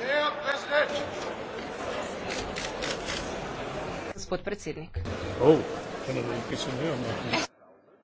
Dejan Pesneč. Gospod predsednik. Oh, kaj na olimpijsko nimamo.